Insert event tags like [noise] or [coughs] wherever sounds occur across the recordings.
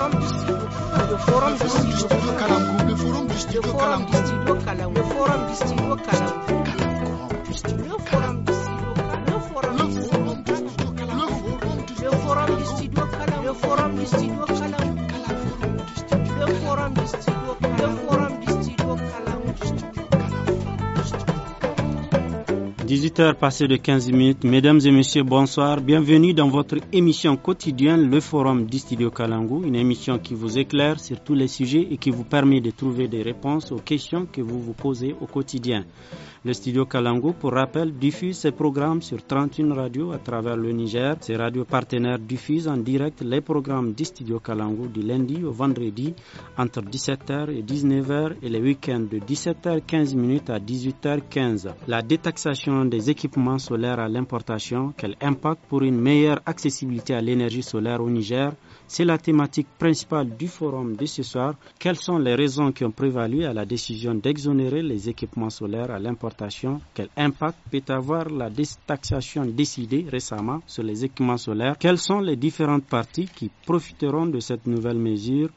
forum le forum studio le forum studio le forum 18h passé de 15 minutes. Mesdames et messieurs, bonsoir. Bienvenue dans votre émission quotidienne, le Forum du Studio Une émission qui vous éclaire sur tous les sujets et qui vous permet de trouver des réponses aux questions que vous vous posez au quotidien. Le studio Kalango, pour rappel, diffuse ses programmes sur 31 radios à travers le Niger. Ces radios partenaires diffusent en direct les programmes du studio Kalango du lundi au vendredi entre 17h et 19h et les week-ends de 17h15 à 18h15. La détaxation des équipements solaires à l'importation, quel impact pour une meilleure accessibilité à l'énergie solaire au Niger c'est la thématique principale du forum de ce soir. Quelles sont les raisons qui ont prévalu à la décision d'exonérer les équipements solaires à l'importation Quel impact peut avoir la taxation décidée récemment sur les équipements solaires Quelles sont les différentes parties qui profiteront de cette nouvelle mesure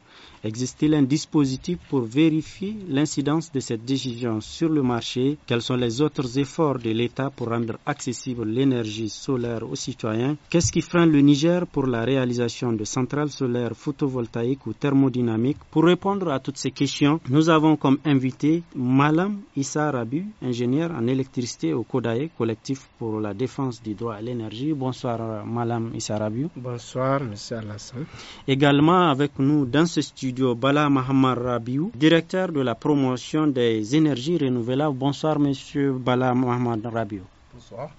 Existe-t-il un dispositif pour vérifier l'incidence de cette décision sur le marché Quels sont les autres efforts de l'État pour rendre accessible l'énergie solaire aux citoyens Qu'est-ce qui freine le Niger pour la réalisation de centrales solaires photovoltaïques ou thermodynamiques Pour répondre à toutes ces questions, nous avons comme invité Malam Issa Rabu, ingénieur en électricité au CODAE, collectif pour la défense des Droits à l'énergie. Bonsoir euh, Malam Issa Rabu. Bonsoir Monsieur Alassane. Également avec nous dans ce studio Bala Mohamed Rabiou, directeur de la promotion des énergies renouvelables. Bonsoir, monsieur Bala Mohamed Rabiou. Bonsoir.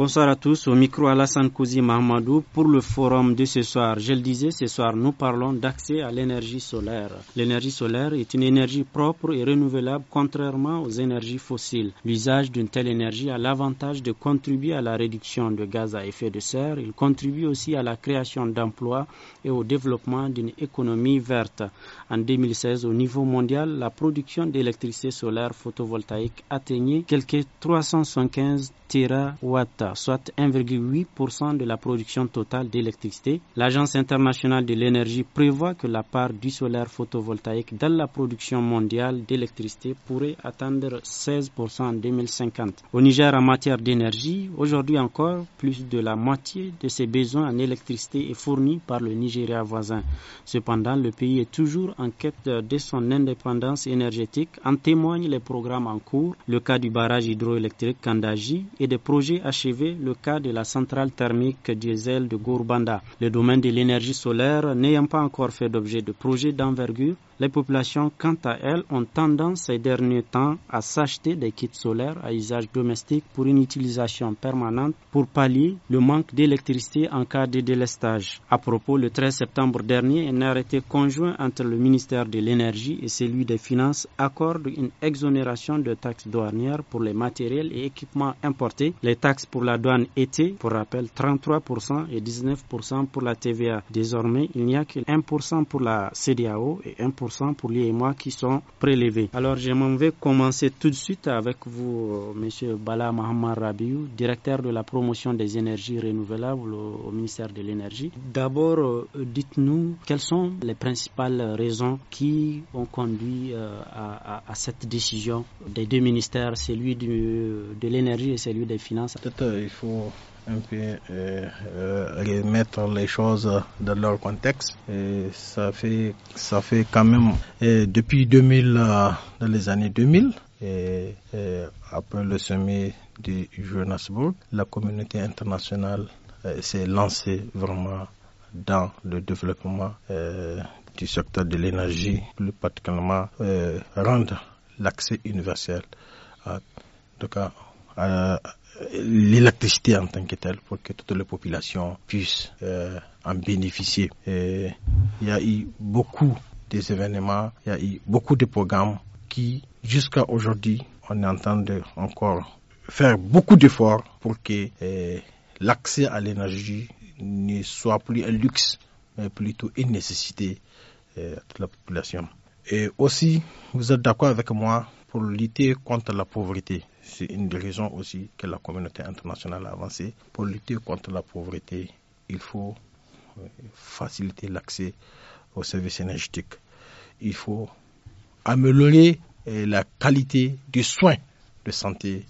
Bonsoir à tous. Au micro Alassane Kouzi Mahamadou pour le forum de ce soir. Je le disais, ce soir, nous parlons d'accès à l'énergie solaire. L'énergie solaire est une énergie propre et renouvelable contrairement aux énergies fossiles. L'usage d'une telle énergie a l'avantage de contribuer à la réduction de gaz à effet de serre. Il contribue aussi à la création d'emplois et au développement d'une économie verte. En 2016, au niveau mondial, la production d'électricité solaire photovoltaïque atteignait quelques 315 terawatts soit 1,8% de la production totale d'électricité, l'Agence internationale de l'énergie prévoit que la part du solaire photovoltaïque dans la production mondiale d'électricité pourrait atteindre 16% en 2050. Au Niger, en matière d'énergie, aujourd'hui encore, plus de la moitié de ses besoins en électricité est fournie par le Nigeria voisin. Cependant, le pays est toujours en quête de son indépendance énergétique, en témoignent les programmes en cours, le cas du barrage hydroélectrique Kandaji et des projets achevés le cas de la centrale thermique diesel de Gourbanda. Le domaine de l'énergie solaire n'ayant pas encore fait d'objet de projets d'envergure, les populations, quant à elles, ont tendance ces derniers temps à s'acheter des kits solaires à usage domestique pour une utilisation permanente pour pallier le manque d'électricité en cas de délestage. À propos, le 13 septembre dernier, un arrêté conjoint entre le ministère de l'Énergie et celui des Finances accorde une exonération de taxes douanières pour les matériels et équipements importés. Les taxes pour la douane étaient, pour rappel, 33% et 19% pour la TVA. Désormais, il n'y a que 1% pour la CDAO et 1% pour lui et moi qui sont prélevés. Alors je m'en vais commencer tout de suite avec vous, euh, Monsieur Bala Mahamar Rabiou, directeur de la promotion des énergies renouvelables au, ministère de l'Énergie. D'abord, euh, dites-nous quelles sont les principales raisons qui ont conduit euh, à, cette décision des deux ministères, celui de l'énergie et celui des finances. Peut-être il faut un euh, euh, remettre les choses dans leur contexte. Et ça fait, ça fait quand même depuis 2000, euh, dans les années 2000, et, euh, après le sommet de Johannesburg, la communauté internationale s'est lancée vraiment dans le développement euh, du secteur de l'énergie, plus particulièrement euh, rendre l'accès universel à, donc à, l'électricité en tant que telle pour que toutes les populations puissent euh, en bénéficier. Et il y a eu beaucoup d'événements, il y a eu beaucoup de programmes qui, jusqu'à aujourd'hui, on est en train de encore faire beaucoup d'efforts pour que euh, l'accès à l'énergie ne soit plus un luxe, mais plutôt une nécessité de euh, la population. Et aussi, vous êtes d'accord avec moi pour lutter contre la pauvreté. C'est une des raisons aussi que la communauté internationale a avancé. Pour lutter contre la pauvreté, il faut euh, faciliter l'accès aux services énergétiques. Il faut améliorer euh, la qualité des soins de santé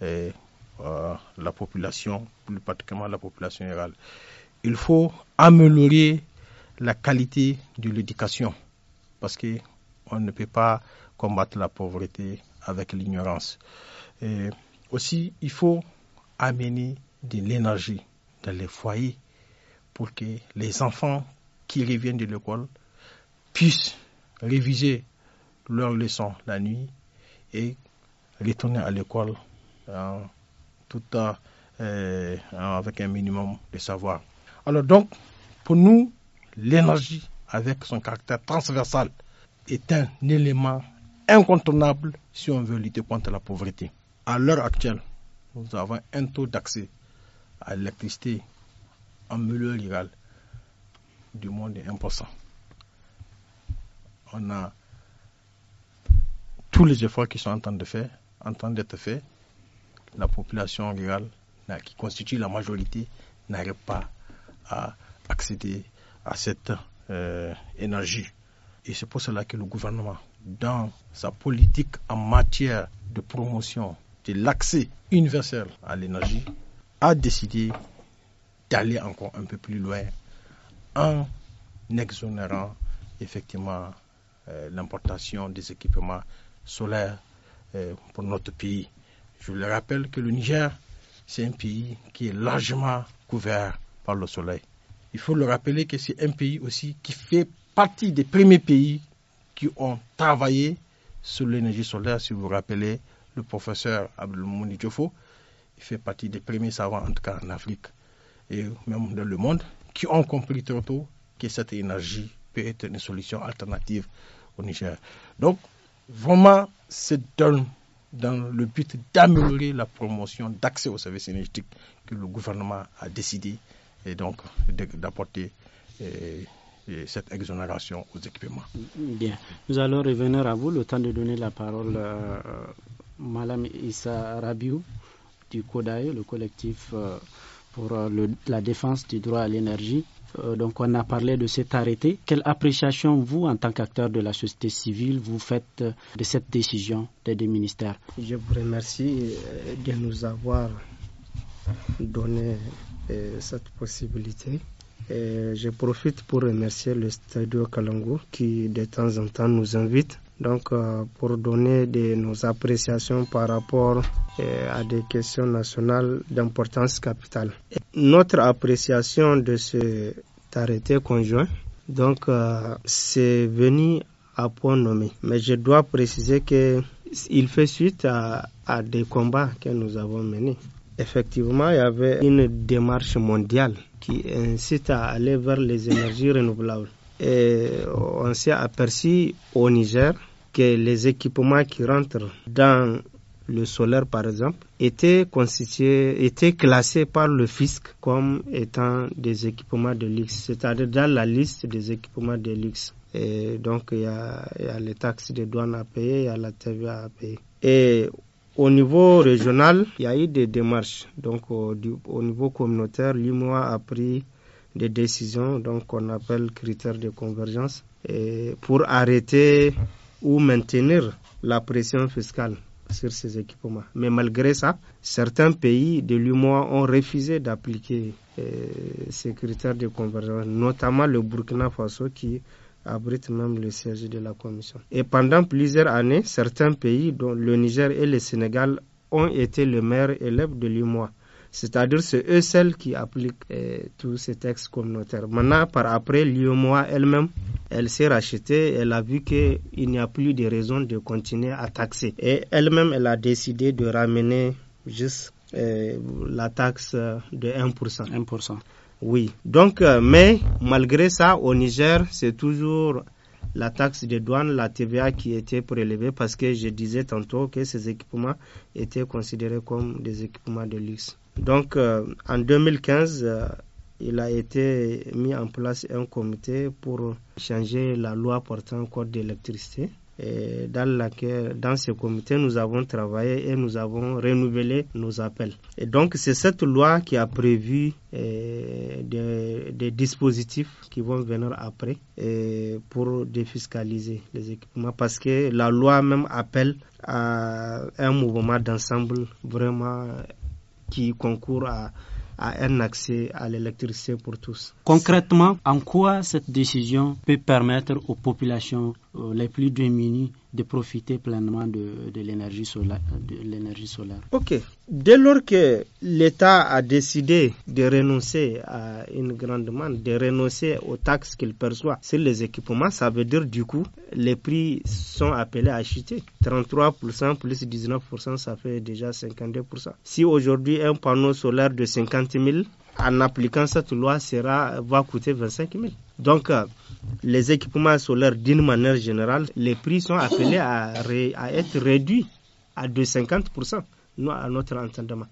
de euh, la population, plus particulièrement la population rurale. Il faut améliorer la qualité de l'éducation parce qu'on ne peut pas combattre la pauvreté avec l'ignorance. Et aussi, il faut amener de l'énergie dans les foyers pour que les enfants qui reviennent de l'école puissent réviser leurs leçons la nuit et retourner à l'école tout à, euh, avec un minimum de savoir. Alors donc, pour nous, l'énergie, avec son caractère transversal, est un élément incontournable si on veut lutter contre la pauvreté à l'heure actuelle, nous avons un taux d'accès à l'électricité en milieu rural du monde de 1%. On a tous les efforts qui sont en train de faire, en d'être faits. La population rurale, qui constitue la majorité, n'arrive pas à accéder à cette euh, énergie. Et c'est pour cela que le gouvernement, dans sa politique en matière de promotion l'accès universel à l'énergie, a décidé d'aller encore un peu plus loin en exonérant effectivement euh, l'importation des équipements solaires euh, pour notre pays. Je vous le rappelle que le Niger, c'est un pays qui est largement couvert par le soleil. Il faut le rappeler que c'est un pays aussi qui fait partie des premiers pays qui ont travaillé sur l'énergie solaire, si vous vous rappelez, le professeur Abdelmouni Il fait partie des premiers savants, en tout cas en Afrique et même dans le monde, qui ont compris trop tôt que cette énergie peut être une solution alternative au Niger. Donc, vraiment, c'est dans, le but d'améliorer la promotion d'accès aux services énergétiques que le gouvernement a décidé et donc d'apporter euh, euh, cette exonération aux équipements. Bien, nous allons revenir à vous, le temps de donner la parole. Euh, Madame Issa Rabiou du CODAE, le collectif euh, pour euh, la défense du droit à l'énergie. Euh, donc on a parlé de cet arrêté. Quelle appréciation vous, en tant qu'acteur de la société civile, vous faites de cette décision des ministères Je vous remercie de nous avoir donné cette possibilité. je profite pour remercier le Stadio Kalango qui de temps en temps nous invite donc euh, pour donner de, nos appréciations par rapport euh, à des questions nationales d'importance capitale. notre appréciation de cet arrêté conjoint, donc euh, c'est venu à point nommé. Mais je dois préciser que il fait suite à, à des combats que nous avons menés. Effectivement, il y avait une démarche mondiale qui incite à aller vers les énergies renouvelables. Et on s'est aperçu au Niger que les équipements qui rentrent dans le solaire par exemple, étaient constitués, étaient classés par le fisc comme étant des équipements de luxe, c'est-à-dire dans la liste des équipements de luxe. Et donc il y, a, il y a les taxes de douane à payer, il y a la TVA à payer. Et au niveau régional, il y a eu des démarches. Donc au, niveau communautaire, l'IMOA a pris des décisions, donc qu'on appelle critères de convergence, et pour arrêter ou maintenir la pression fiscale sur ces équipements. Mais malgré ça, certains pays de l'UMOA ont refusé d'appliquer euh, ces critères de convergence, notamment le Burkina Faso qui abrite même le siège de la Commission. Et pendant plusieurs années, certains pays, dont le Niger et le Sénégal, ont été les meilleurs élèves de l'UMOA. C'est-à-dire c'est eux seuls qui appliquent euh, tous ces textes communautaires. Maintenant, par après, l'IOMOA elle-même, elle, s'est rachetée, elle a vu qu'il n'y a plus de raison de continuer à taxer. Et elle-même, elle a décidé de ramener juste euh, la taxe de 1%. 1%. Oui. Donc, euh, mais malgré ça, au Niger, c'est toujours la taxe de douane, la TVA qui était prélevée parce que je disais tantôt que ces équipements étaient considérés comme des équipements de luxe. Donc, euh, en 2015, euh, il a été mis en place un comité pour changer la loi portant code d'électricité. Et dans, laquelle, dans ce comité, nous avons travaillé et nous avons renouvelé nos appels. Et donc, c'est cette loi qui a prévu euh, des, des, dispositifs qui vont venir après pour défiscaliser les équipements parce que la loi même appelle à un mouvement d'ensemble vraiment qui concourent à, à un accès à l'électricité pour tous. Concrètement, en quoi cette décision peut permettre aux populations euh, les plus démunis de profiter pleinement de, l'énergie solaire. Ok. Dès lors que l'État a décidé de renoncer à une grande demande, de renoncer aux taxes qu'il perçoit sur les équipements, ça veut dire du coup les prix sont appelés à chuter. 33% plus 19%, ça fait déjà 52%. Si aujourd'hui un panneau solaire de 50 000 en appliquant cette loi, sera, va coûter 25 000. Donc, euh, les équipements solaires, d'une manière générale, les prix sont appelés à, être réduits à 2,50%, à notre entendement.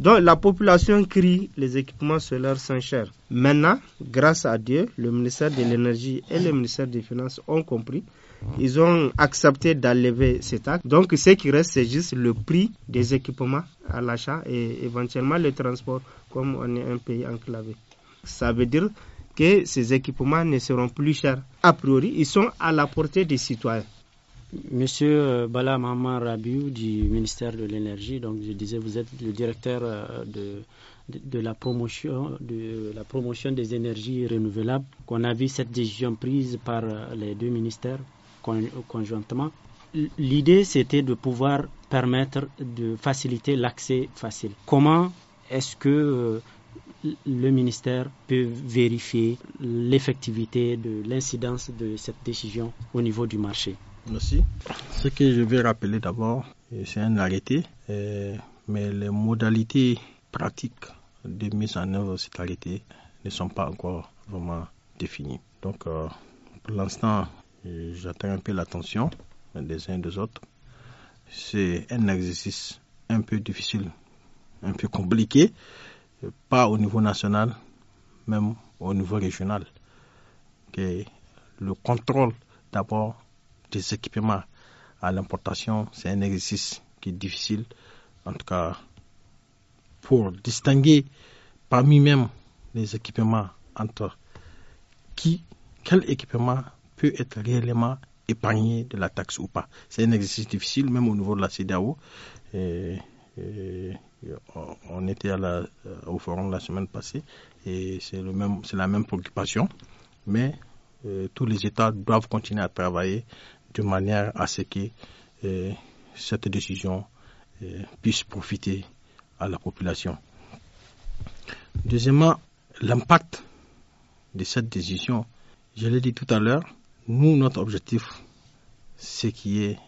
Donc la population crie, les équipements solaires sont chers. Maintenant, grâce à Dieu, le ministère de l'Énergie et le ministère des Finances ont compris ils ont accepté d'enlever cet acte. Donc, ce qui reste, c'est juste le prix des équipements à l'achat et éventuellement le transport, comme on est un pays enclavé. Ça veut dire que ces équipements ne seront plus chers. A priori, ils sont à la portée des citoyens. Monsieur euh, Bala Rabiou du ministère de l'Énergie, donc je disais, vous êtes le directeur euh, de, la, promotion, de la promotion des énergies renouvelables. Qu'on a vu cette décision prise par euh, les deux ministères conjointement. L'idée, c'était de pouvoir permettre de faciliter l'accès facile. Comment est-ce que euh, le ministère peut vérifier l'effectivité de l'incidence de cette décision au niveau du marché Merci. Ce que je vais rappeler d'abord, euh, c'est un arrêté, euh, mais les modalités pratiques de mise en œuvre de cet arrêté ne sont pas encore vraiment définies. Donc, pour l'instant, j'attends un peu l'attention des uns et des autres. C'est un exercice un peu difficile, un peu compliqué, pas au niveau national, même au niveau régional. Le contrôle d'abord des équipements à l'importation, c'est un exercice qui est difficile, en tout cas pour distinguer parmi même les équipements entre qui, quel équipement peut être réellement épargné de la taxe ou pas. C'est un exercice difficile, même au niveau de la CEDAO. on était euh, au forum la semaine passée et c'est la même préoccupation. Mais euh, tous les États doivent continuer à travailler de manière à ce que euh, cette décision puisse profiter à la population. Deuxièmement, l'impact de cette décision, je l'ai dit tout à l'heure, nous, notre objectif, c'est qu'il y ait,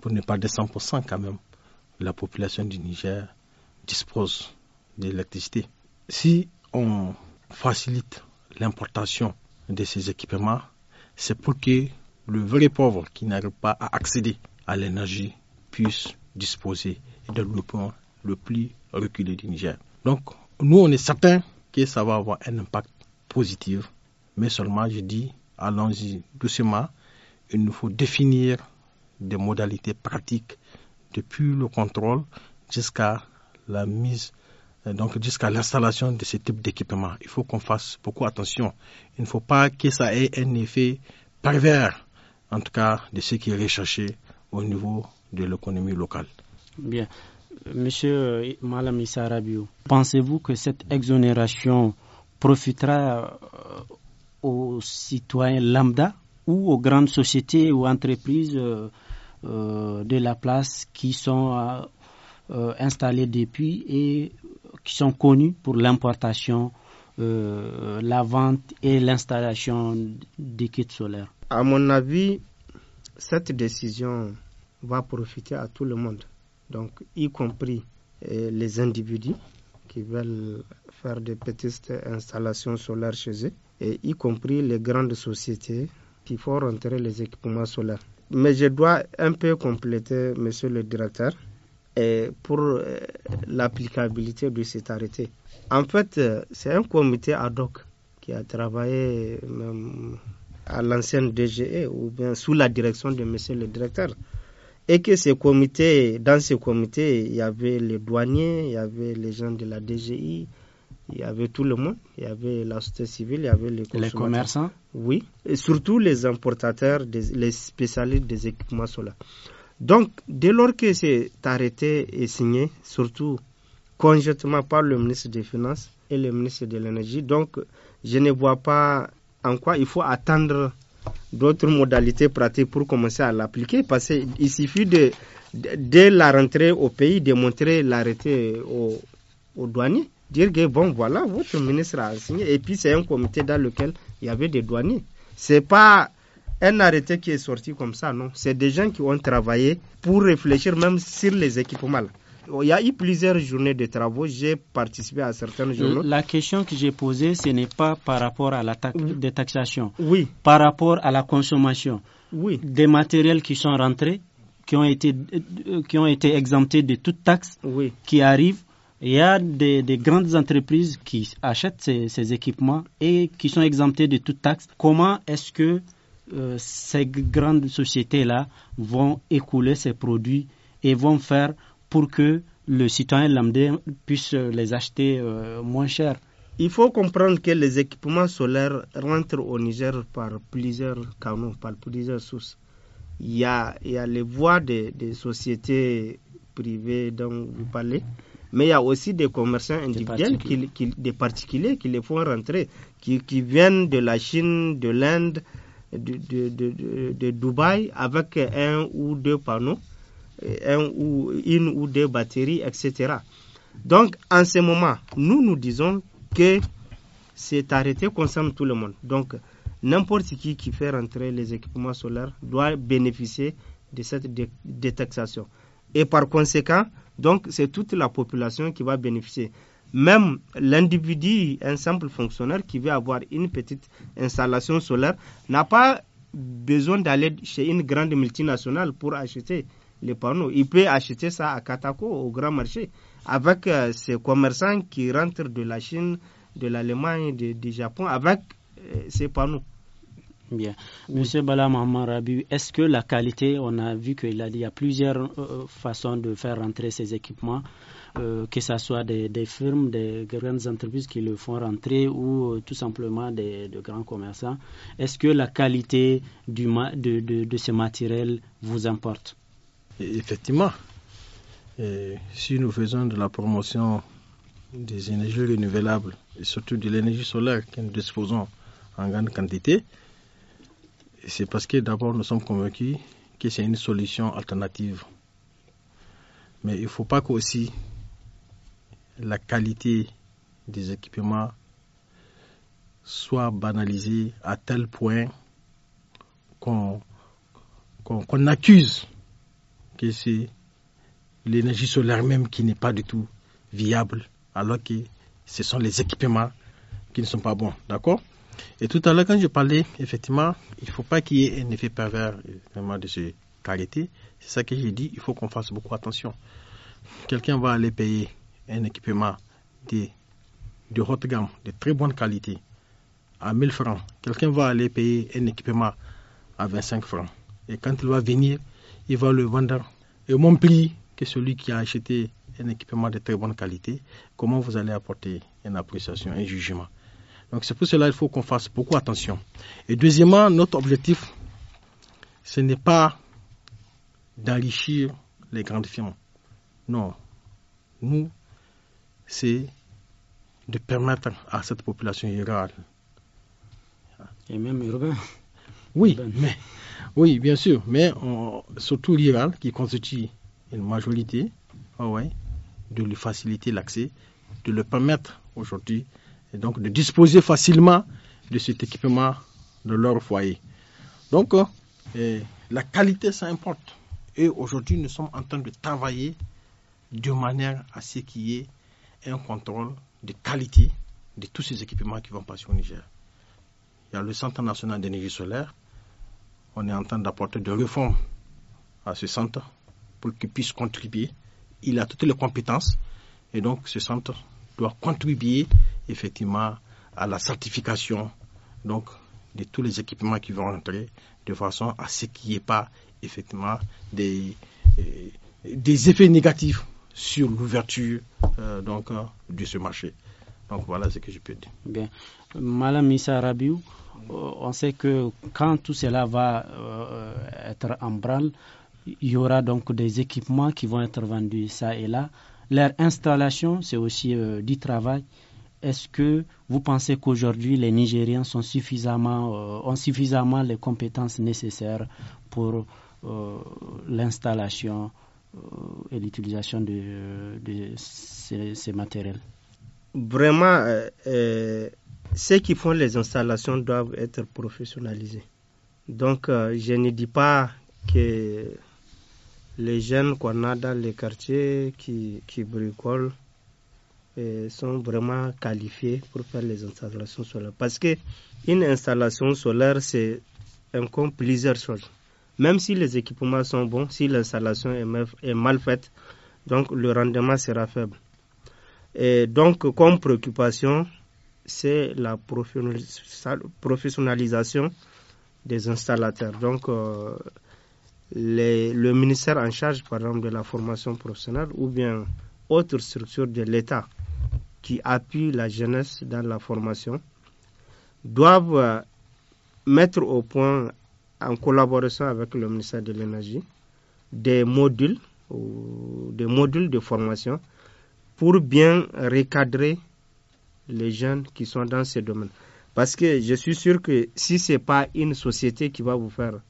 pour ne pas de 100% quand même, la population du Niger dispose d'électricité. Si on facilite l'importation de ces équipements, c'est pour que le vrai pauvre qui n'arrive pas à accéder à l'énergie puisse disposer et développer le plus reculé du Niger. Donc, nous, on est certain que ça va avoir un impact positif, mais seulement, je dis, allons-y doucement. Il nous faut définir des modalités pratiques depuis le contrôle jusqu'à la mise, euh, donc jusqu'à l'installation de ce type d'équipement. Il faut qu'on fasse beaucoup attention. Il ne faut pas que ça ait un effet pervers, en tout cas de ce qui est recherché au niveau de l'économie locale. Bien. Monsieur euh, Malam pensez-vous que cette exonération profitera euh, aux citoyens lambda ou aux grandes sociétés ou entreprises euh, euh, de la place qui sont euh, installées depuis et qui sont connues pour l'importation, la vente et l'installation des kits solaires. À mon avis, cette décision va profiter à tout le monde, donc y compris les individus qui veulent faire des petites installations solaires chez eux, et y compris les grandes sociétés qui font rentrer les équipements solaires. Mais je dois un peu compléter, monsieur le directeur, et pour euh, l'applicabilité de cet arrêté. En fait, euh, c'est un comité ad hoc qui a travaillé à l'ancienne DGE ou bien sous la direction de monsieur le directeur et que ces comités, dans ce comité, il y avait les douaniers, il y avait les gens de la DGI, il y avait tout le monde, il y avait la société civile, il y avait les commerçants Oui, et surtout les importateurs, les spécialistes des équipements solaires. Donc, dès lors que c'est arrêté est signé, surtout conjointement par le ministre des Finances et le ministre de l'Énergie, donc je ne vois pas en quoi il faut attendre d'autres modalités pratiques pour commencer à l'appliquer, parce qu'il suffit de, dès la rentrée au pays, de montrer l'arrêté aux, aux douaniers dire que bon, voilà, votre ministre a signé. Et puis, c'est un comité dans lequel il y avait des douaniers. C'est pas un arrêté qui est sorti comme ça, non. C'est des gens qui ont travaillé pour réfléchir même sur les équipements. Il y a eu plusieurs journées de travaux. J'ai participé à certaines euh, journées. La question que j'ai posée, ce n'est pas par rapport à la taxe de taxation Oui. Par rapport à la consommation. Oui. Des matériels qui sont rentrés, qui ont été, euh, qui ont été exemptés de toute taxe, oui. qui arrivent il y a des, grandes entreprises qui achètent ces, équipements et qui sont exemptées de toute taxe. Comment est-ce que euh, ces grandes sociétés-là vont écouler ces produits et vont faire pour que le citoyen lambda puisse les acheter euh, moins cher il faut comprendre que les équipements solaires rentrent au Niger par plusieurs canaux, par plusieurs sources. Il y a, les voies des, sociétés privées dont vous parlez, mais il y a aussi des commerçants individuels, des particuliers qui, les font rentrer, qui, viennent de la Chine, de l'Inde, de, Dubaï avec un ou deux panneaux, un ou, une ou deux batteries, etc. Donc, en ce moment, nous nous disons que cet arrêté concerne tout le monde. Donc, n'importe qui qui fait rentrer les équipements solaires doit bénéficier de cette détaxation. Et par conséquent, donc c'est toute la population qui va bénéficier. Même l'individu, un simple fonctionnaire qui veut avoir une petite installation solaire, n'a pas besoin d'aller chez une grande multinationale pour acheter les panneaux. Il peut acheter ça à Katako, au grand marché, avec euh, ses commerçants qui rentrent de la Chine, de l'Allemagne, du Japon, avec ces euh, panneaux. Bien. Monsieur Bala Mohamed est-ce que la qualité, on a vu qu'il a dit, y a plusieurs euh, façons de faire rentrer ces équipements, euh, que ce soit des, firmes, des grandes entreprises qui le font rentrer ou euh, tout simplement des, grands commerçants. Est-ce que la qualité de, de, ces matériels vous importe Effectivement. si nous faisons de la promotion des énergies renouvelables et surtout de l'énergie solaire que nous disposons en grande quantité, c'est parce que d'abord nous sommes convaincus que c'est une solution alternative. Mais il ne faut pas aussi la qualité des équipements soit banalisée à tel point qu'on accuse que c'est l'énergie solaire même qui n'est pas du tout viable, alors que ce sont les équipements qui ne sont pas bons. D'accord et tout à l'heure, quand je parlais, effectivement, il ne faut pas qu'il y ait un effet pervers de ce qualité. C'est ça que j'ai dit, il faut qu'on fasse beaucoup attention. Quelqu'un va aller payer un équipement de, de haute gamme, de très bonne qualité, à 1000 francs. Quelqu'un va aller payer un équipement à 25 francs. Et quand il va venir, il va le vendre au moins prix que celui qui a acheté un équipement de très bonne qualité. Comment vous allez apporter une appréciation, un jugement donc c'est pour cela qu'il faut qu'on fasse beaucoup attention. Et deuxièmement, notre objectif, ce n'est pas d'enrichir les grandes firmes. Non. Nous, c'est de permettre à cette population rurale. Et même Oui, mais, oui bien sûr, mais surtout rurale, qui constitue une majorité, ah de lui faciliter l'accès, de le permettre aujourd'hui et donc de disposer facilement de cet équipement de leur foyer. Donc, euh, la qualité, ça importe. Et aujourd'hui, nous sommes en train de travailler de manière à ce qu'il y ait un contrôle de qualité de tous ces équipements qui vont passer au Niger. Il y a le Centre national d'énergie solaire. On est en train d'apporter des réformes à ce centre pour qu'il puisse contribuer. Il a toutes les compétences et donc ce centre doit contribuer effectivement à la certification donc de tous les équipements qui vont entrer, de façon à ce qu'il n'y ait pas effectivement des, euh, des effets négatifs sur l'ouverture euh, donc euh, de ce marché. Donc voilà ce que je peux dire. Bien. Madame Issa Rabiou, on sait que quand tout cela va être en branle, il y aura donc des équipements qui vont être vendus ça et là. Leur installation, c'est aussi du travail. Est-ce que vous pensez qu'aujourd'hui les Nigériens euh, ont suffisamment les compétences nécessaires pour euh, l'installation euh, et l'utilisation de, ces, matériels Vraiment, ceux qui font les installations doivent être professionnalisés. Donc, je ne dis pas que les jeunes qu'on a dans les quartiers qui bricolent euh, sont vraiment qualifiés pour faire les installations solaires. Parce que une installation solaire, c'est un compte plusieurs choses. Même si les équipements sont bons, si l'installation est, mal faite, donc le rendement sera faible. Et donc, comme préoccupation, c'est la professionnalisation des installateurs. Donc, euh, le ministère en charge, par exemple, de la formation professionnelle ou bien autre structure de l'État qui appuient la jeunesse dans la formation doivent euh, mettre au point, en collaboration avec le ministère de l'Énergie, des modules des modules de formation pour bien recadrer les jeunes qui sont dans ce domaines. Parce que je suis sûr que si ce n'est pas une société qui va vous faire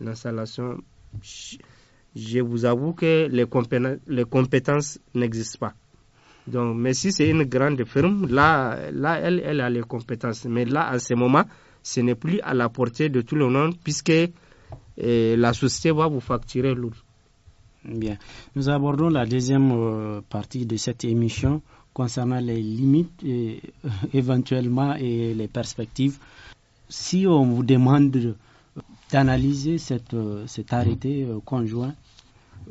l'installation, je vous avoue que les compétences n'existent pas. Donc, mais si c'est une grande firme, là, là elle, a les compétences. Mais là, à ce moment, ce n'est plus à la portée de tout le monde puisque eh, la société va vous facturer lourd. Bien. Nous abordons la deuxième euh, partie de cette émission concernant les limites [laughs] éventuellement et les perspectives. Si on vous demande d'analyser euh, cet arrêté euh, conjoint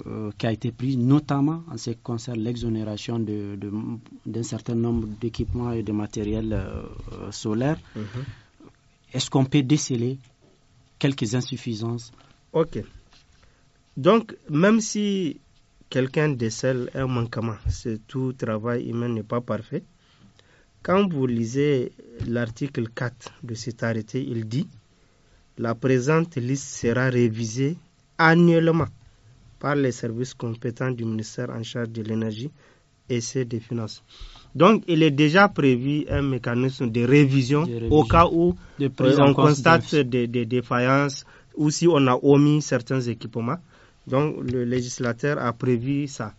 euh, qui a été prise, notamment en ce qui concerne l'exonération d'un certain nombre d'équipements et de matériel solaires euh, euh, solaire. Mhm. Est-ce qu'on peut déceler quelques insuffisances Ok. Donc, même si quelqu'un décèle un manquement, tout travail humain n'est pas parfait. Quand vous lisez l'article 4 de cet arrêté, il dit la présente liste sera révisée annuellement par les services compétents du ministère en charge de l'énergie et c'est des finances. Donc, il est déjà prévu un mécanisme de révision, au cas où de euh, on constate des, défaillances ou si on a omis certains équipements. Donc, le législateur a prévu ça.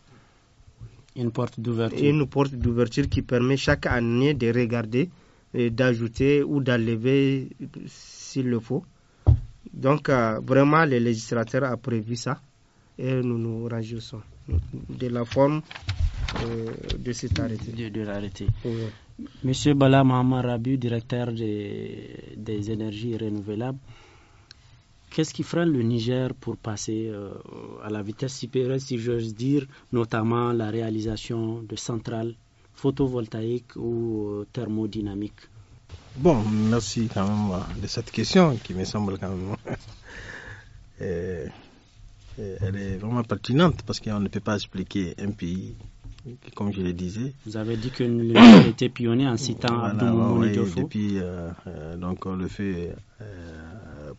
Une porte d'ouverture. Une porte d'ouverture qui permet chaque année de regarder, d'ajouter ou d'enlever s'il le faut. Donc, euh, vraiment, le législateur a prévu ça et nous nous de la forme euh, de cet arrêté. De, l'arrêté. Monsieur Bala Mahamarabu, directeur des, énergies renouvelables, qu'est-ce qui fera le Niger pour passer euh, à la vitesse supérieure, si j'ose dire, notamment la réalisation de centrales photovoltaïques ou euh, thermodynamiques Bon, merci quand même de cette question qui me semble quand même. [laughs] Euh, elle est vraiment pertinente parce qu'on ne peut pas expliquer un pays, comme je le disais. Vous avez dit que nous [coughs] Niger été pionnier en citant voilà, Abdou oui, Depuis euh, euh, donc, le fait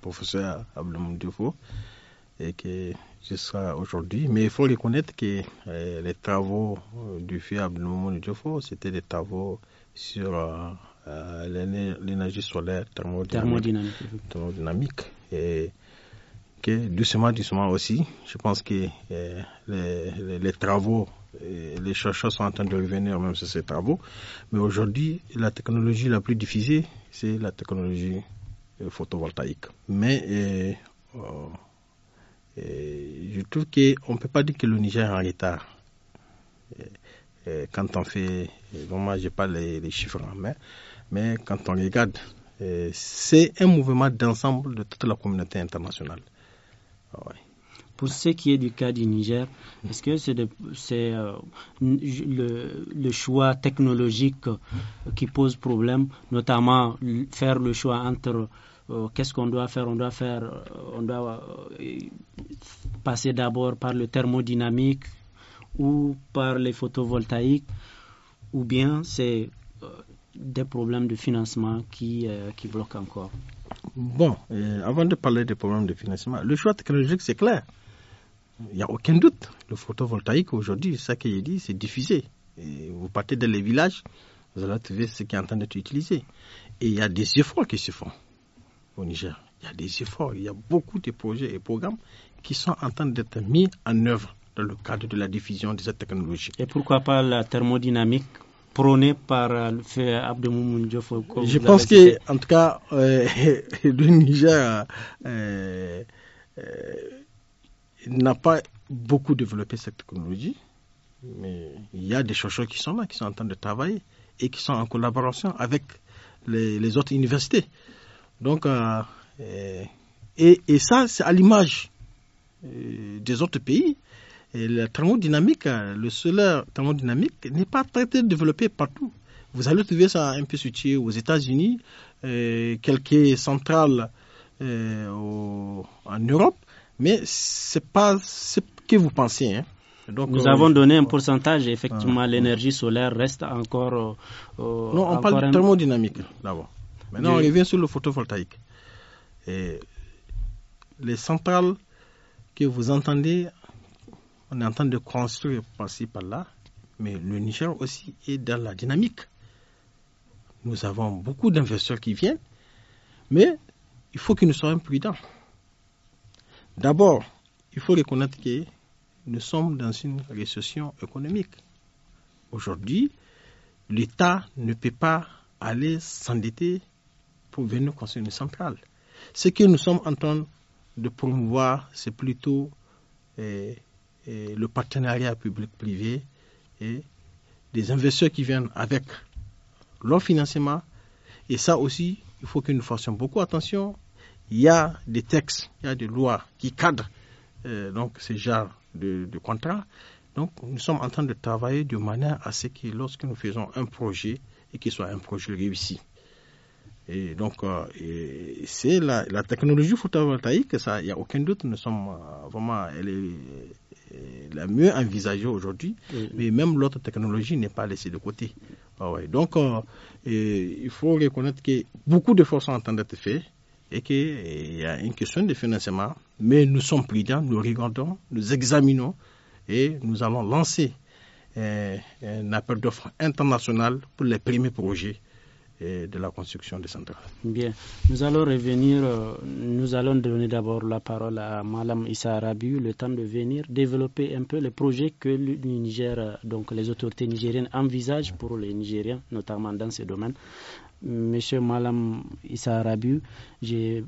professeur Abdou Dioufo et que ce sera aujourd'hui. Mais il faut reconnaître que les travaux du fait Abdou Dioufo, c'était des travaux sur l'énergie solaire thermodynamique doucement, doucement aussi, je pense que euh, les, travaux, euh, les chercheurs sont en train de revenir même sur ces travaux. Mais aujourd'hui, la technologie la plus diffusée, c'est la technologie euh, photovoltaïque. Mais je trouve qu'on ne peut pas dire que le Niger est en retard. quand on fait, bon, moi je pas les, les, chiffres en main, mais quand on regarde c'est un mouvement d'ensemble de toute la communauté internationale. Pour ce qui est du cas du Niger, est-ce que c'est euh, le, choix technologique euh, qui pose problème, notamment faire le choix entre euh, qu'est-ce qu'on doit faire On doit faire, on doit passer d'abord par le thermodynamique ou par les photovoltaïques, ou bien c'est des problèmes de financement qui bloquent encore. Bon, avant de parler des problèmes de financement, le choix technologique, c'est clair. Il n'y a aucun doute. Le photovoltaïque, aujourd'hui, ça qui est dit, c'est diffusé. vous partez dans les villages, vous allez trouver ce qui est en train d'être utilisé. Et il y a des efforts qui se font au Niger. Il y a des efforts, il y a beaucoup de projets et programmes qui sont en train d'être mis en œuvre dans le cadre de la diffusion de cette technologie. Et pourquoi pas la thermodynamique par euh, Je pense que, en tout cas, euh, [laughs] le Niger euh, n'a pas beaucoup développé cette technologie, mais il y a des chercheurs qui sont là, qui sont en train de travailler et qui sont en collaboration avec les, autres universités. Donc, et, ça, c'est à l'image des autres pays et la thermodynamique, le solaire thermodynamique n'est pas très, développé partout. Vous allez trouver ça un peu situé aux États-Unis, euh, quelques centrales euh, en Europe, mais c'est pas ce que vous pensez. Hein. Donc, Nous euh, avons donné un pourcentage, effectivement, ah, l'énergie solaire reste encore. non, on parle de thermodynamique d'abord. Maintenant, on revient sur le photovoltaïque. les centrales que vous entendez on est en train de construire par-ci, par-là, mais le Niger aussi est dans la dynamique. Nous avons beaucoup d'investisseurs qui viennent, mais il faut que nous soyons prudents. D'abord, il faut reconnaître que nous sommes dans une récession économique. Aujourd'hui, l'État ne peut pas aller s'endetter pour venir construire une centrale. Ce que nous sommes en train de promouvoir, c'est plutôt eh, le partenariat public-privé et des investisseurs qui viennent avec leur financement. Et ça aussi, il faut que nous fassions beaucoup attention. Il y a des textes, il y a des lois qui cadrent euh, donc ce genre de, contrat. Donc, nous sommes en train de travailler de manière à ce que lorsque nous faisons un projet, et qu'il soit un projet réussi. Et donc, euh, c'est la, technologie photovoltaïque, ça, il n'y a aucun doute, nous sommes euh, vraiment, elle la mieux envisagée aujourd'hui, mais même l'autre technologie n'est pas laissée de côté. Ah Donc, euh, il faut reconnaître que beaucoup d'efforts sont en train d'être faits et qu'il eh, y a une question de financement, mais nous sommes prudents, nous regardons, nous examinons et nous allons lancer eh, un appel d'offres international pour les premiers projets et de la construction des centrales. Bien, nous allons revenir, euh, nous allons donner d'abord la parole à Madame Issa Arabiou, le temps de venir développer un peu les projets que le Niger, euh, donc les autorités nigériennes envisagent pour les Nigériens, notamment dans ce domaine. Monsieur Malam Issa je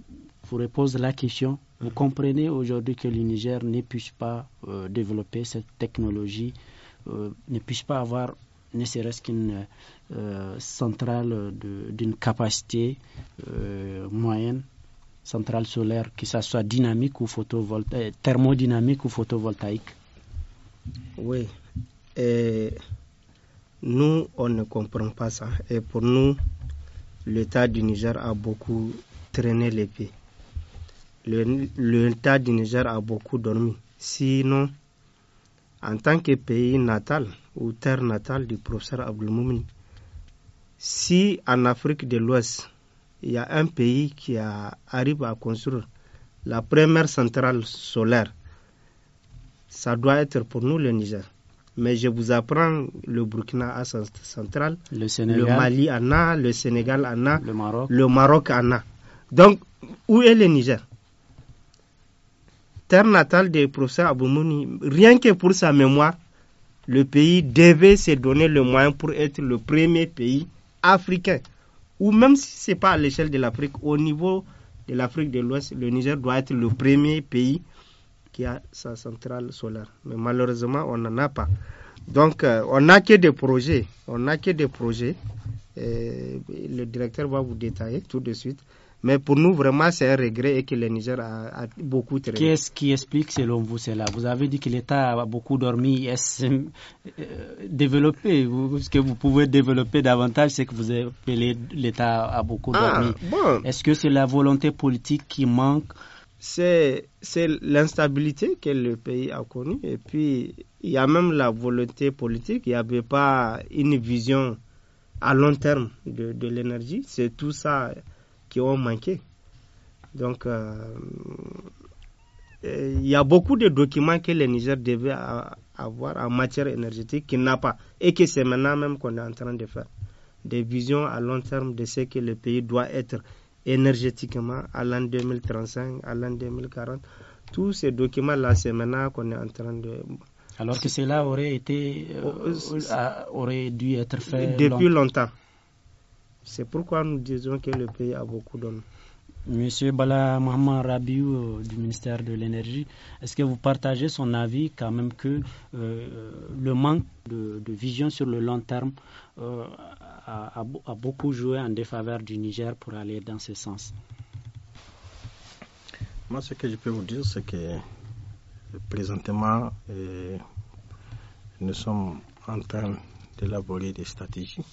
vous repose la question. Vous comprenez aujourd'hui que le Niger ne puisse pas euh, développer cette technologie, ne puisse pas avoir ne serait-ce qu'une euh, centrale d'une capacité euh, moyenne, centrale solaire, que ce soit dynamique ou euh, thermodynamique ou photovoltaïque Oui. nous, on ne comprend pas ça. Et pour nous, l'État du Niger a beaucoup traîné l'épée. L'État du Niger a beaucoup dormi. Sinon, en tant que pays natal, ou terre natale du professeur Abdelmoumni. Si en Afrique de l'Ouest, il y a un pays qui a, arrive à construire la première centrale solaire, ça doit être pour nous le Niger. Mais je vous apprends le Burkina à centrale, le, le Mali en a, le Sénégal en a, le Maroc, le en a. Donc, où est le Niger Terre natale professeur professeur Mouni, rien que pour sa mémoire, le pays devait se donner le moyen pour être le premier pays africain. Ou même si ce n'est pas à l'échelle de l'Afrique, au niveau de l'Afrique de l'Ouest, le Niger doit être le premier pays qui a sa centrale solaire. Mais malheureusement, on n'en a pas. Donc, euh, on n'a que des projets. On n'a que des projets. le directeur va vous détailler tout de suite. Mais pour nous, vraiment, c'est un regret et que le Niger a, beaucoup Qu'est-ce qui explique, selon vous, cela Vous avez dit que l'État a beaucoup dormi. Est-ce euh, développé Ce que vous pouvez développer davantage, c'est que vous appelez l'État a beaucoup ah, dormi. Bon. Est-ce que c'est la volonté politique qui manque c'est, l'instabilité que le pays a connue. Et puis, il y a même la volonté politique. Il n'y avait pas une vision à long terme de, de l'énergie. C'est tout ça qui ont manqué. Donc, euh, euh, il y a beaucoup de documents que le Niger devait avoir en matière énergétique qu'il n'a pas et que c'est maintenant même qu'on est en train de faire. Des visions à long terme de ce que le pays doit être énergétiquement à l'an 2035, à l'an 2040. Tous ces documents-là, c'est maintenant qu'on est en train de... Alors que cela aurait été, euh, aurait dû être fait depuis longtemps. C'est pourquoi nous disons que le pays a beaucoup d'hommes. Monsieur Bala Mohamed Rabiou euh, du ministère de l'Énergie, est-ce que vous partagez son avis quand même que euh, euh, le manque de, vision sur le long terme a, beaucoup joué en défaveur du Niger pour aller dans ce sens Moi, ce que je peux vous dire, c'est que présentement, nous sommes en train d'élaborer des stratégies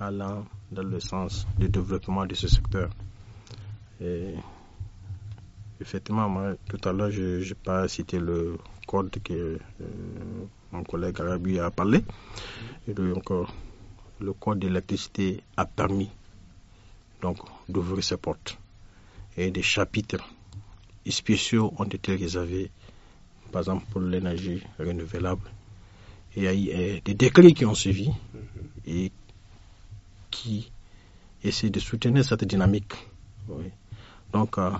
allant dans le sens du développement de ce secteur. Et effectivement, tout à l'heure, je n'ai pas cité le code que euh, mon collègue Arabi a parlé. Et donc, le code d'électricité a permis donc d'ouvrir ses portes. Et des chapitres spéciaux ont été réservés, par exemple pour l'énergie renouvelable. Et il y a eu euh, des décrets qui ont suivi et qui essaie de soutenir cette dynamique. Donc, euh,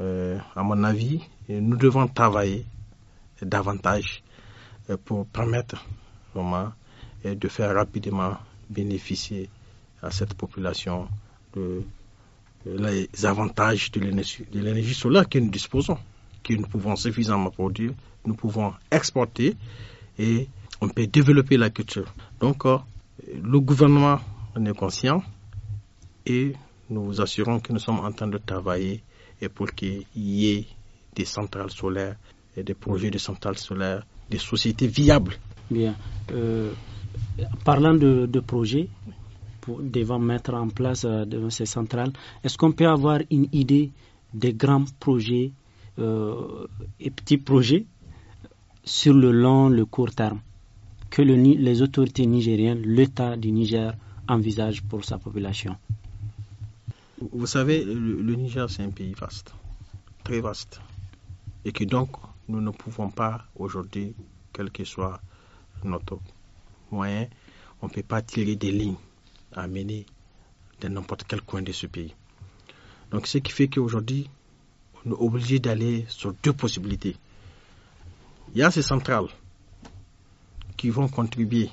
euh, à mon avis, nous devons travailler davantage euh, pour permettre vraiment de faire rapidement bénéficier à cette population de, les avantages de l'énergie solaire que nous disposons, que nous pouvons suffisamment produire, nous pouvons exporter et on peut développer la culture. Donc, le gouvernement on est conscient et nous vous assurons que nous sommes en train de travailler et pour qu'il y ait des centrales solaires et des projets de centrales solaires, des sociétés viables. Bien. Euh, parlant de, projets, pour, devant mettre en place euh, ces centrales, est-ce qu'on peut avoir une idée des grands projets euh, et petits projets sur le long, le court terme que les autorités nigériennes, l'État du Niger envisage pour sa population Vous savez, le, Niger, c'est un pays vaste, très vaste, et que donc nous ne pouvons pas aujourd'hui, quel que soit notre moyen, on ne peut pas tirer des lignes à mener dans n'importe quel coin de ce pays. Donc ce qui fait qu'aujourd'hui, on est obligé d'aller sur deux possibilités. Il y a ces centrales qui vont contribuer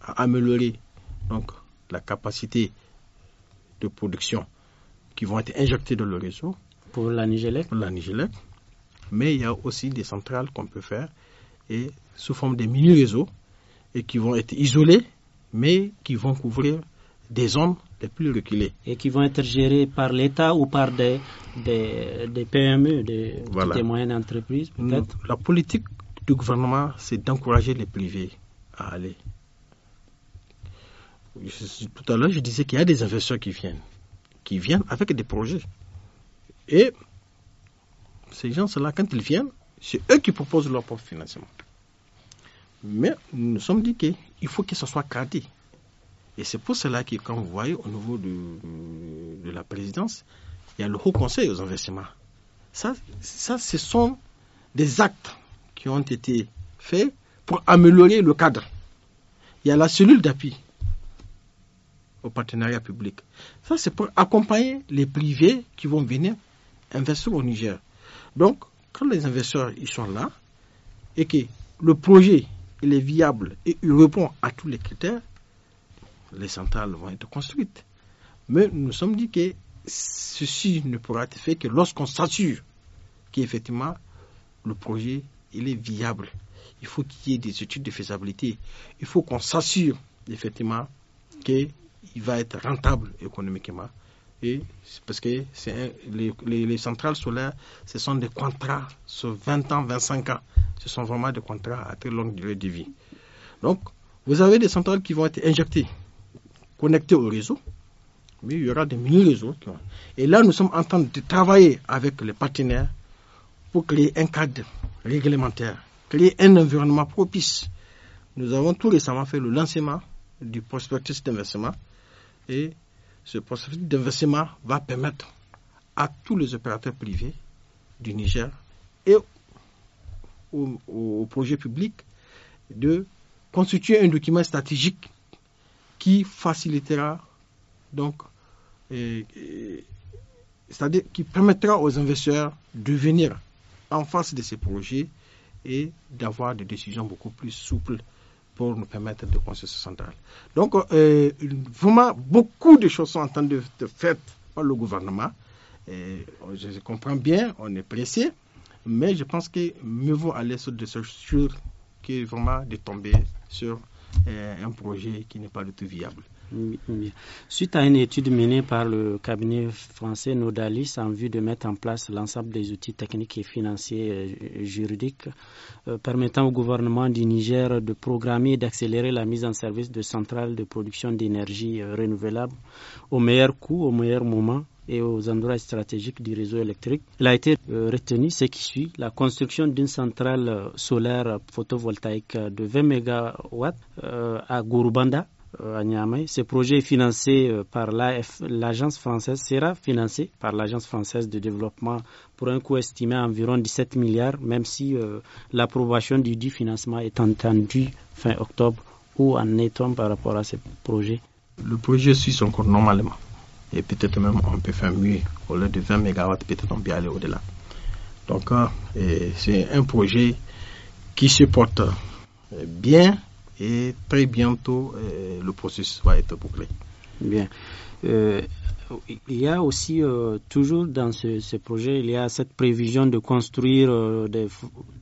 à améliorer donc la capacité de production qui vont être injectées dans le réseau. Pour la Nigélec Pour la Nigélec. Mais il y a aussi des centrales qu'on peut faire et sous forme de mini-réseaux et qui vont être isolés mais qui vont couvrir des zones les plus reculées. Et qui vont être gérées par l'État ou par des, PME, des, des e, moyennes entreprises peut-être La politique du gouvernement, c'est d'encourager les privés à aller tout à l'heure, je disais qu'il y a des investisseurs qui viennent, qui viennent avec des projets. Et ces gens-là, quand ils viennent, c'est eux qui proposent leur propre financement. Mais nous nous sommes dit qu'il faut que ce soit cadré. Et c'est pour cela que, quand vous voyez au niveau de, la présidence, il y a le Haut Conseil aux investissements. Ça, ça, ce sont des actes qui ont été faits pour améliorer le cadre. Il y a la cellule d'appui au partenariat public. Ça, c'est pour accompagner les privés qui vont venir investir au Niger. Donc, quand les investisseurs ils sont là et que le projet il est viable et il répond à tous les critères, les centrales vont être construites. Mais nous sommes dit que ceci ne pourra être fait que lorsqu'on s'assure qu'effectivement le projet il est viable. Il faut qu'il y ait des études de faisabilité. Il faut qu'on s'assure effectivement que il va être rentable économiquement. Et parce que les, centrales solaires, ce sont des contrats sur 20 ans, 25 ans. Ce sont vraiment des contrats à très longue durée de vie. Donc, vous avez des centrales qui vont être injectées, connectées au réseau, mais il y aura des mini-réseaux. Et là, nous sommes en train de travailler avec les partenaires pour créer un cadre réglementaire, créer un environnement propice. Nous avons tout récemment fait le lancement du prospectus d'investissement et ce processus d'investissement va permettre à tous les opérateurs privés du Niger et aux projets publics de constituer un document stratégique qui facilitera donc c'est-à-dire qui permettra aux investisseurs de venir en face de ces projets et d'avoir des décisions beaucoup plus souples pour nous permettre de construire ce central. Donc, euh, vraiment, beaucoup de choses sont en train de, de faites par le gouvernement. je comprends bien, on est pressé, mais je pense que mieux vaut aller sur des structures que vraiment de tomber sur euh, un projet qui n'est pas du tout viable. Suite à une étude menée par le cabinet français Nodalis en vue de mettre en place l'ensemble des outils techniques et financiers euh, juridiques euh, permettant au gouvernement du Niger de programmer et d'accélérer la mise en service de centrales de production d'énergie euh, renouvelable au meilleur coût, au meilleur moment, et aux endroits stratégiques du réseau électrique. Il a été retenu ce qui suit la construction d'une centrale solaire photovoltaïque de 20 MW à Gourubanda euh, à Niamey. Ce projet est financé euh, par l'agence française, sera financé par l'agence française de développement pour un coût estimé à environ 17 milliards, même si euh, l'approbation du dit financement est entendue fin octobre. ou en est par rapport à ce projet Le projet suit son cours normalement. Et peut-être même on peut faire mieux. Au lieu de 20 MW, peut-être on peut aller au-delà. Donc c'est un projet qui se porte bien et très bientôt euh, le processus va être bouclé. Bien. Euh, il y a aussi euh, toujours dans ce, projet, il y a cette prévision de construire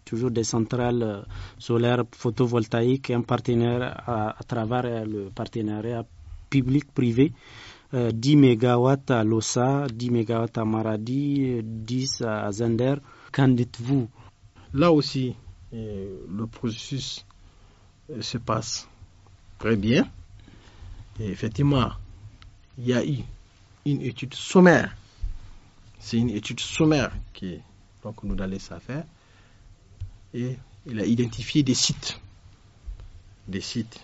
toujours des centrales solaires photovoltaïques, un partenaire à, travers le partenariat public-privé. 10 MW à Lossa, 10 MW à Maradi, 10 à Zender. Qu'en dites-vous Là aussi, le processus se passe très bien. Et effectivement, il y a eu une étude sommaire. C'est une étude sommaire qui donc, nous a laissé faire. Et il a identifié des sites. Des sites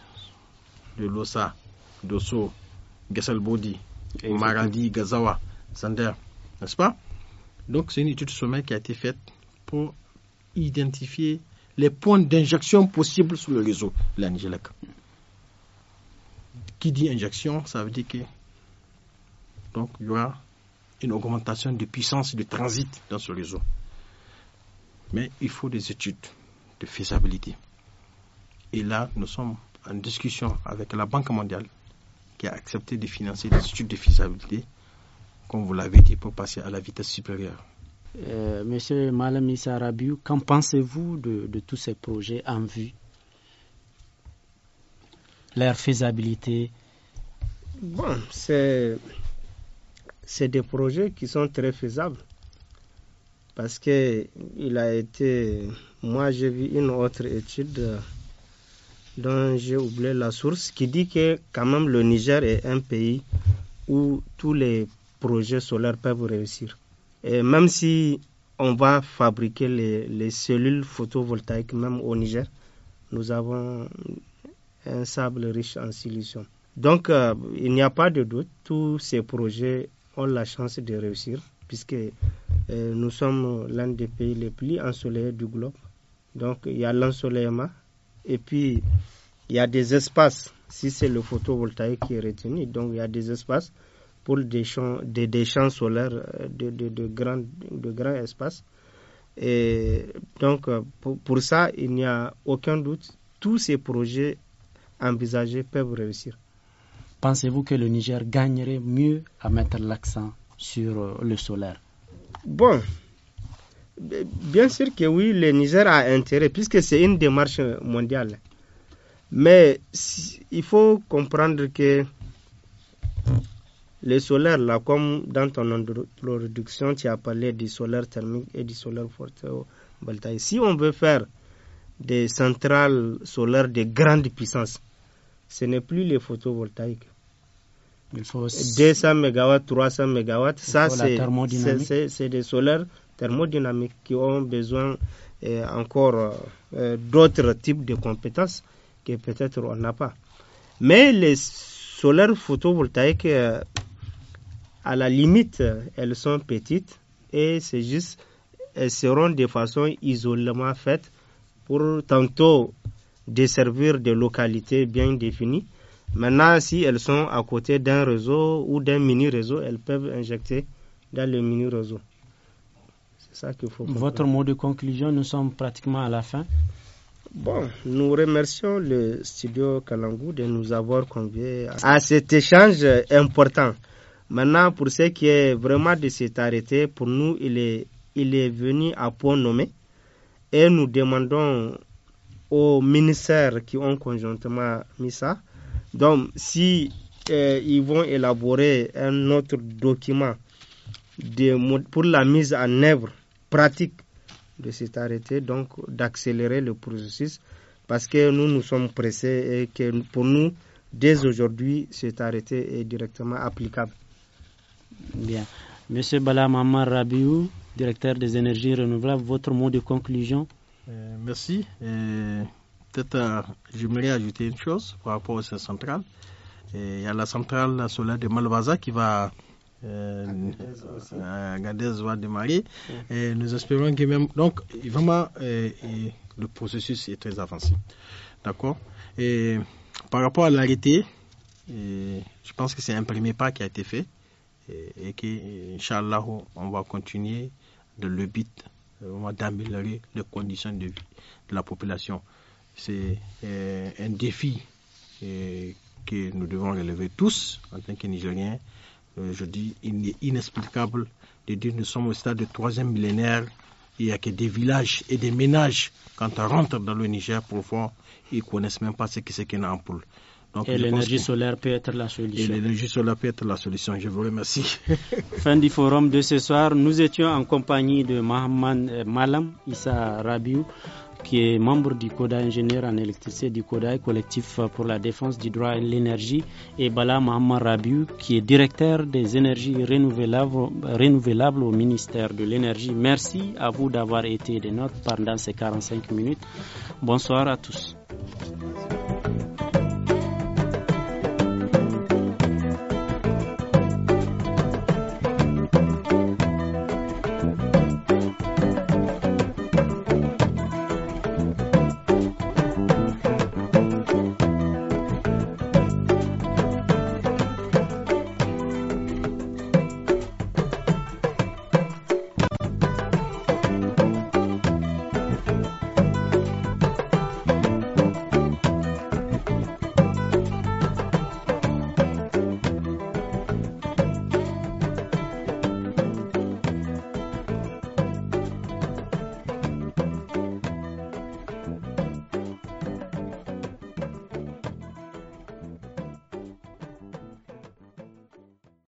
de Losa, Dosso, Gasselbodi, Marandi, Gazawa, Sander, n'est-ce pas Donc c'est une étude sommaire qui a été faite pour identifier les points d'injection possibles sur le réseau de Qui dit injection, ça veut dire que donc il y aura une augmentation de puissance de transit dans ce réseau. Mais il faut des études de faisabilité. Et là, nous sommes en discussion avec la Banque mondiale qui a accepté de financer des études de faisabilité, comme vous l'avez dit, pour passer à la vitesse supérieure. Euh, Monsieur Malamissa qu'en pensez-vous de, de, tous ces projets en vue Leur faisabilité Bon, c'est des projets qui sont très faisables. Parce que il a été. Moi, j'ai vu une autre étude euh, dont j'ai oublié la source qui dit que, quand même, le Niger est un pays où tous les projets solaires peuvent réussir même si on va fabriquer les, cellules photovoltaïques, même au Niger, nous avons un sable riche en solution. Donc, euh, il n'y a pas de doute, tous ces projets ont la chance de réussir, puisque euh, nous sommes l'un des pays les plus ensoleillés du globe. Donc, il y a l'ensoleillement, et puis il y a des espaces, si c'est le photovoltaïque qui est retenu, donc il y a des espaces pour des champs, des, champs solaires euh, de, de, de, grands, de espaces. Et donc, euh, pour, pour ça, il n'y a aucun doute, tous ces projets envisagés peuvent réussir. Pensez-vous que le Niger gagnerait mieux à mettre l'accent sur euh, le solaire Bon, bien sûr que oui, le Niger a intérêt, puisque c'est une démarche mondiale. Mais il faut comprendre que le solaire, là, comme dans ton introduction, tu as parlé du solaire thermique et du solaire photovoltaïque. Si on veut faire des centrales solaires de grande puissance, ce n'est plus les photovoltaïques. Il faut 200 MW, 300 MW, ça c'est des solaires thermodynamiques qui ont besoin euh, encore euh, d'autres types de compétences que peut-être on n'a pas. Mais les solaires photovoltaïques, euh, à la limite, elles sont petites et c'est juste, elles seront de façon isolement faites pour tantôt desservir des localités bien définies. Maintenant, si elles sont à côté d'un réseau ou d'un mini-réseau, elles peuvent injecter dans le mini-réseau. C'est ça qu'il faut. Votre mot de conclusion, nous sommes pratiquement à la fin. Bon, nous remercions le studio Kalangou de nous avoir conviés à cet échange important. Maintenant, pour ce qui est vraiment de cet arrêté, pour nous, il est, il est venu à point nommé et nous demandons aux ministères qui ont conjointement mis ça. Donc, si euh, ils vont élaborer un autre document pour la mise en œuvre pratique de cet arrêté, donc d'accélérer le processus parce que nous nous sommes pressés et que pour nous, dès aujourd'hui, cet arrêté est directement applicable. Bien. Monsieur Bala Rabiou, directeur des énergies renouvelables, votre mot de conclusion euh, Merci. Euh, peut-être euh, j'aimerais ajouter une chose par rapport à cette centrale. Il y a la centrale solaire de Malvaza qui va euh, Gadez va démarrer. nous espérons que même. Donc, vraiment, euh, le processus est très avancé. D'accord Et par rapport à l'arrêté, je pense que c'est un premier pas qui a été fait et, et que, Inch'Allah, on va continuer de le but euh, d'améliorer les conditions de vie de la population. C'est euh, un défi que nous devons relever tous en tant que Nigériens. Euh, je dis, il est inexplicable de dire nous sommes au stade du troisième millénaire. Il n'y a que des villages et des ménages, quand on rentre dans le Niger pour voir, ils ne connaissent même pas ce que c'est qu'une ampoule et l'énergie solaire peut être la solution. Et l'énergie solaire peut être la solution. Je vous remercie. [laughs] fin du forum de ce soir. Nous étions en compagnie de Mahaman euh, Malam Issa Rabiou qui est membre du CODA ingénieur en électricité du CODA collectif pour la défense du droit à l'énergie et Bala Mohamed Rabiou qui est directeur des énergies renouvelables, renouvelables au ministère de l'énergie. Merci à vous d'avoir été des nôtres pendant ces 45 minutes. Bonsoir à tous.